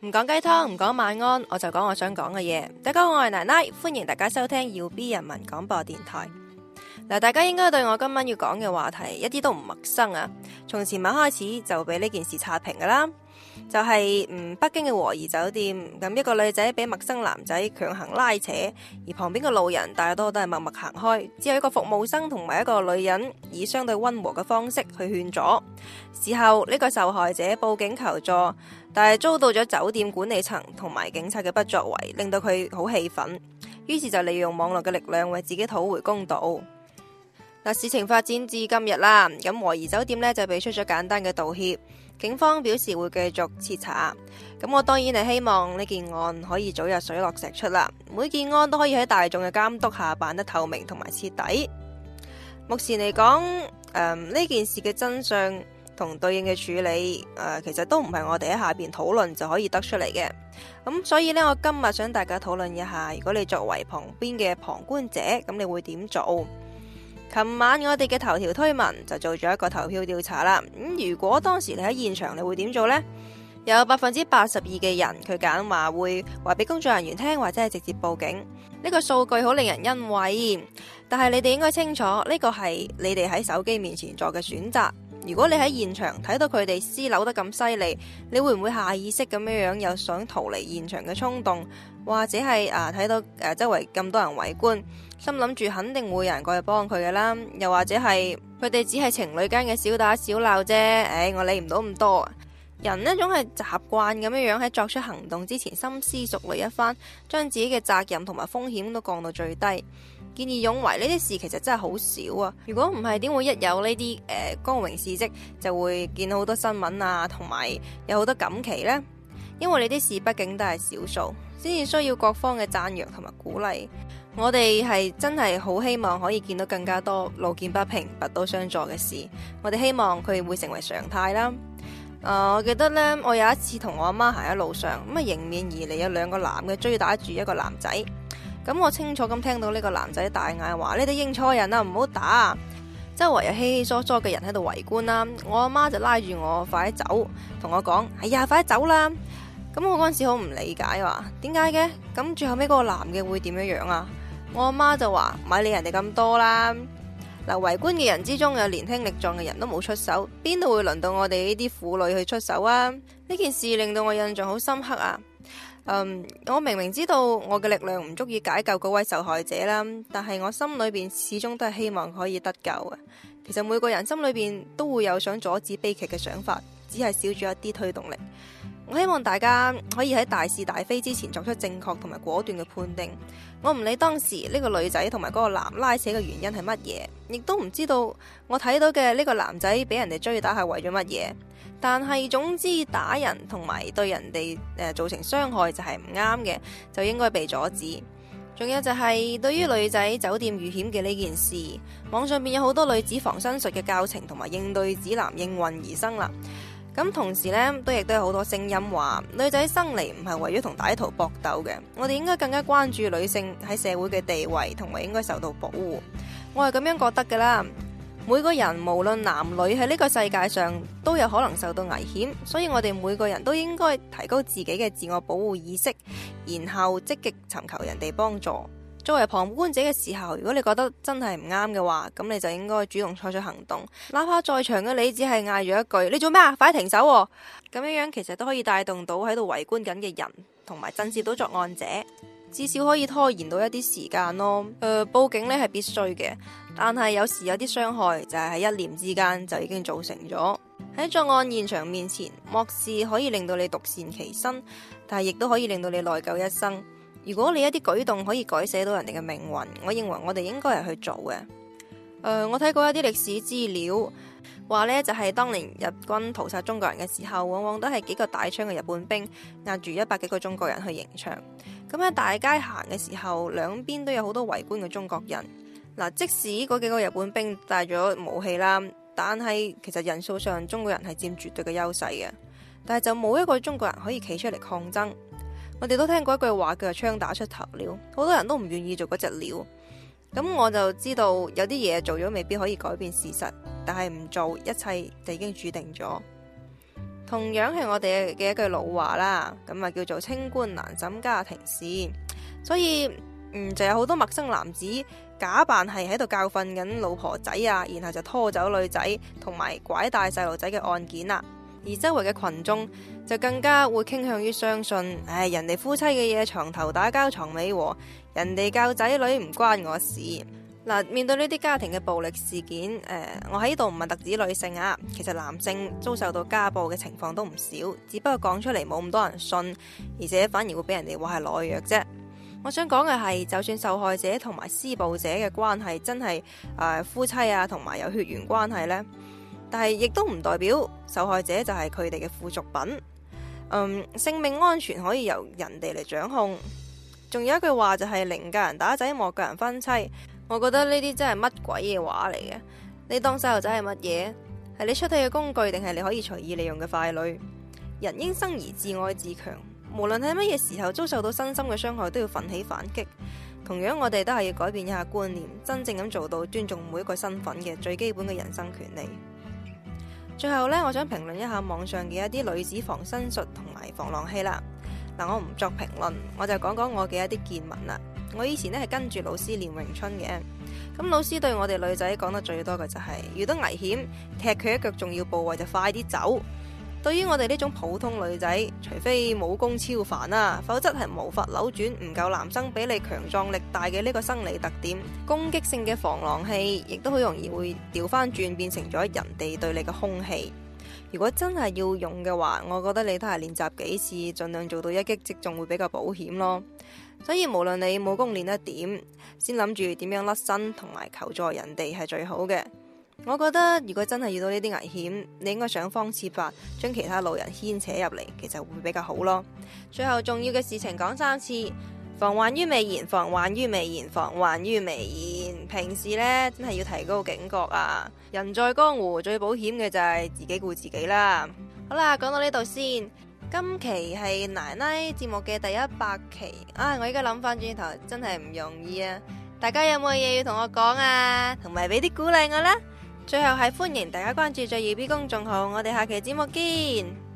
唔講雞湯，唔講晚安，我就講我想講嘅嘢。大家好，我係奶奶，歡迎大家收聽耀 B 人民廣播電台。大家應該對我今晚要講嘅話題一啲都唔陌生啊！從前晚開始就被呢件事刷屏㗎啦。就係嗯，北京嘅和頤酒店咁，一個女仔俾陌生男仔強行拉扯，而旁邊嘅路人大多都係默默行開，只有一個服務生同埋一個女人以相對溫和嘅方式去勸阻。事後呢個受害者報警求助，但係遭到咗酒店管理層同埋警察嘅不作為，令到佢好氣憤，於是就利用網絡嘅力量為自己討回公道。嗱，事情發展至今日啦，咁和頤酒店呢就俾出咗簡單嘅道歉。警方表示會繼續徹查，咁我當然係希望呢件案可以早日水落石出啦，每件案都可以喺大眾嘅監督下辦得透明同埋徹底。目前嚟講，誒呢件事嘅真相同對應嘅處理，誒其實都唔係我哋喺下邊討論就可以得出嚟嘅。咁所以呢，我今日想大家討論一下，如果你作為旁邊嘅旁觀者，咁你會點做？琴晚我哋嘅頭條推文就做咗一個投票調查啦，咁、嗯、如果當時你喺現場，你會點做呢？有百分之八十二嘅人佢揀話會話俾工作人員聽，或者係直接報警。呢個數據好令人欣慰，但係你哋應該清楚呢個係你哋喺手機面前做嘅選擇。如果你喺現場睇到佢哋撕扭得咁犀利，你會唔會下意識咁樣樣又想逃離現場嘅衝動？或者係啊，睇到周圍咁多人圍觀，心諗住肯定會有人過嚟幫佢嘅啦。又或者係佢哋只係情侶間嘅小打小鬧啫。誒、哎，我理唔到咁多。人呢，總係習慣咁樣樣喺作出行動之前深思熟慮一番，將自己嘅責任同埋風險都降到最低。見義勇為呢啲事其實真係好少啊！如果唔係，點會一有呢啲誒光榮事跡，就會見到好多新聞啊，同埋有好多錦旗呢？因為呢啲事畢竟都係少數，先至需要各方嘅讚揚同埋鼓勵。我哋係真係好希望可以見到更加多路見不平、拔刀相助嘅事。我哋希望佢會成為常態啦。呃，我記得呢，我有一次同我阿媽行喺路上，咁啊迎面而嚟有兩個男嘅追打住一個男仔。咁我清楚咁聽到呢個男仔大嗌話：你哋認錯人啦，唔好打！周圍有稀稀疏疏嘅人喺度圍觀啦。我阿媽就拉住我快啲走，同我講：哎呀，快啲走啦！咁我嗰陣時好唔理解話，點解嘅？咁最後尾嗰個男嘅會點樣樣啊？我阿媽就話：咪理人哋咁多啦！嗱，圍觀嘅人之中有年輕力壯嘅人都冇出手，邊度會輪到我哋呢啲婦女去出手啊？呢件事令到我印象好深刻啊！嗯，um, 我明明知道我嘅力量唔足以解救嗰位受害者啦，但係我心裏邊始終都係希望可以得救嘅。其實每個人心裏邊都會有想阻止悲劇嘅想法，只係少咗一啲推動力。我希望大家可以喺大是大非之前作出正確同埋果斷嘅判定。我唔理當時呢個女仔同埋嗰個男拉扯嘅原因係乜嘢，亦都唔知道我睇到嘅呢個男仔俾人哋追打係為咗乜嘢。但係總之打人同埋對人哋誒造成傷害就係唔啱嘅，就應該被阻止。仲有就係對於女仔酒店遇險嘅呢件事，網上面有好多女子防身術嘅教程同埋應對指南應運而生啦。咁同時呢，都亦都有好多聲音話女仔生嚟唔係為咗同歹徒搏鬥嘅，我哋應該更加關注女性喺社會嘅地位同埋應該受到保護。我係咁樣覺得噶啦。每個人無論男女喺呢個世界上都有可能受到危險，所以我哋每個人都應該提高自己嘅自我保護意識，然後積極尋求人哋幫助。作為旁觀者嘅時候，如果你覺得真係唔啱嘅話，咁你就應該主動採取行動，哪怕在場嘅你只係嗌咗一句：你做咩啊？快停手！咁樣樣其實都可以帶動到喺度圍觀緊嘅人，同埋震懾到作案者。至少可以拖延到一啲時間咯。誒、呃，報警呢係必須嘅，但係有時有啲傷害就係、是、喺一念之間就已經造成咗。喺作案現場面前，漠視可以令到你獨善其身，但係亦都可以令到你內疚一生。如果你一啲舉動可以改寫到人哋嘅命運，我認為我哋應該係去做嘅。誒、呃，我睇過一啲歷史資料，話呢就係、是、當年日軍屠殺中國人嘅時候，往往都係幾個大槍嘅日本兵壓住一百幾個中國人去刑場。咁喺大街行嘅時候，兩邊都有好多圍觀嘅中國人。嗱、啊，即使嗰幾個日本兵帶咗武器啦，但係其實人數上中國人係佔絕對嘅優勢嘅，但係就冇一個中國人可以企出嚟抗爭。我哋都聽過一句話，叫係槍打出頭鳥，好多人都唔願意做嗰隻鳥。咁我就知道有啲嘢做咗未必可以改變事實，但係唔做，一切就已經注定咗。同樣係我哋嘅一句老話啦，咁啊叫做清官難審家庭事，所以嗯就有好多陌生男子假扮係喺度教訓緊老婆仔啊，然後就拖走女仔同埋拐帶細路仔嘅案件啦。而周圍嘅群眾就更加會傾向於相信，唉、哎，人哋夫妻嘅嘢床頭打交床尾和，人哋教仔女唔關我事。嗱，面對呢啲家庭嘅暴力事件，誒、呃，我喺呢度唔係特指女性啊，其實男性遭受到家暴嘅情況都唔少，只不過講出嚟冇咁多人信，而且反而會俾人哋話係懦弱啫。我想講嘅係，就算受害者同埋施暴者嘅關係真係誒、呃、夫妻啊，同埋有血緣關係呢。但係亦都唔代表受害者就係佢哋嘅附屬品。嗯，性命安全可以由人哋嚟掌控。仲有一句話就係，寧教人打仔，莫教人分妻。我覺得呢啲真係乜鬼嘢話嚟嘅？你當細路仔係乜嘢？係你出體嘅工具，定係你可以隨意利用嘅傀儡？人應生而自愛自強，無論喺乜嘢時候遭受到身心嘅傷害，都要奮起反擊。同樣，我哋都係要改變一下觀念，真正咁做到尊重每一個身份嘅最基本嘅人生權利。最後呢，我想評論一下網上嘅一啲女子防身術同埋防狼器啦。嗱，我唔作評論，我就講講我嘅一啲見聞啦。我以前呢係跟住老師練詠春嘅，咁老師對我哋女仔講得最多嘅就係、是，遇到危險踢佢一腳重要部位就快啲走。對於我哋呢種普通女仔，除非武功超凡啊，否則係無法扭轉唔夠男生比你強壯力大嘅呢個生理特點。攻擊性嘅防狼器亦都好容易會調翻轉，變成咗人哋對你嘅凶器。如果真係要用嘅話，我覺得你都係練習幾次，盡量做到一擊即中會比較保險咯。所以無論你武功練得點，先諗住點樣甩身同埋求助人哋係最好嘅。我覺得如果真係遇到呢啲危險，你應該想方設法將其他路人牽扯入嚟，其實會比較好咯。最後重要嘅事情講三次：防患於未然，防患於未然，防患於未然。平時呢，真係要提高警覺啊！人在江湖最保險嘅就係自己顧自己啦。好啦，講到呢度先。今期係奶奶節目嘅第一百期。啊，我而家諗翻轉頭真係唔容易啊！大家有冇嘢要同我講啊？同埋俾啲鼓勵我啦！最後係歡迎大家關注在二 B 公眾號，我哋下期節目見。